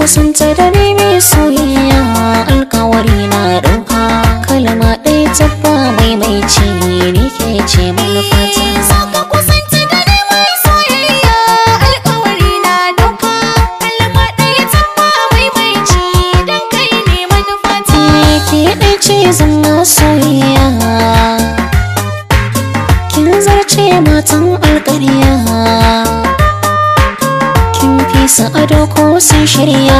kusanta da ni mai soyayya alkawari na ɗauka kalma ɗaya tabba mai mai ce ni kusanta da ni soyayya alkawari na ɗauka kalma ɗaya tabba mai mai ce dan kai ne manufata ke zama soyayya kin zarce matan alƙarya kin fisa sa'ado ko sun shirya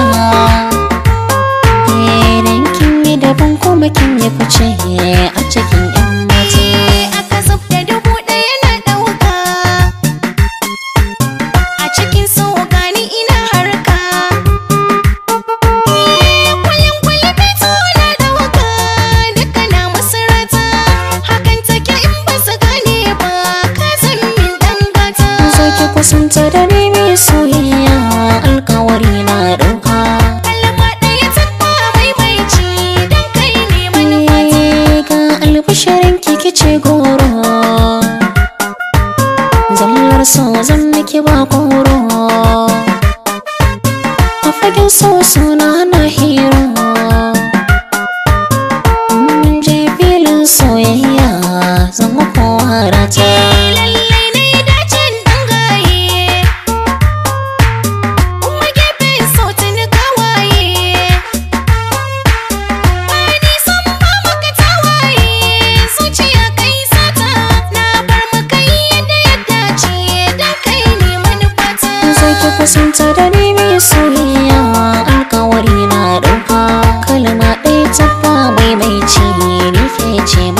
Idan eh, kin yi daban kuma kin yi fice a cikin yan mace Aka zub da dubu ɗaya na ɗauka A cikin sau gani ina harka eh, Kwallon kwallon fito na ɗauka Duka na masarata Hakan take in ba su gane ba Ka zan min ɗan gata Zo kusanta da ni soyayya kushirin kikice goro zallar so zan miki ba koro a fagen so suna na hira mun je filin soyayya zan mako ta. kusanta da ni mai soyayya alkawari na ɗauka kalma ɗaya tafa maimaici ni ke ce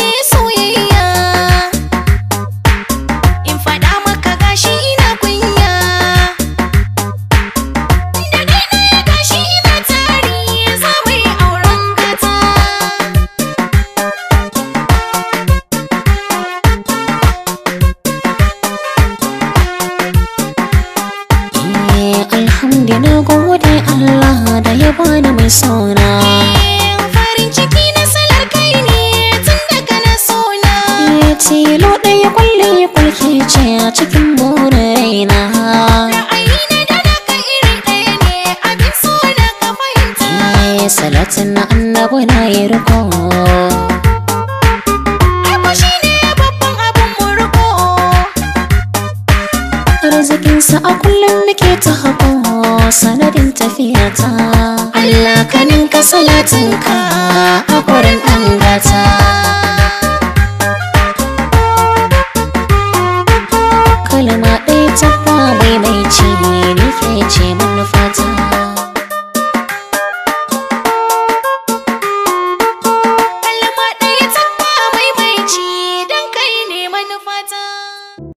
sona farinci ki na salakai kai ne tunda ka na sona ne ci lo daya kulle kulke ce a cikin bore na aina da na kai irin daya ne abin sona ka fahimta ne salatin annabi na yi riko sa a kullum nake ta haƙo sanadin tafiyata Allah kanin ka salatinka a ƙurin ɗan gata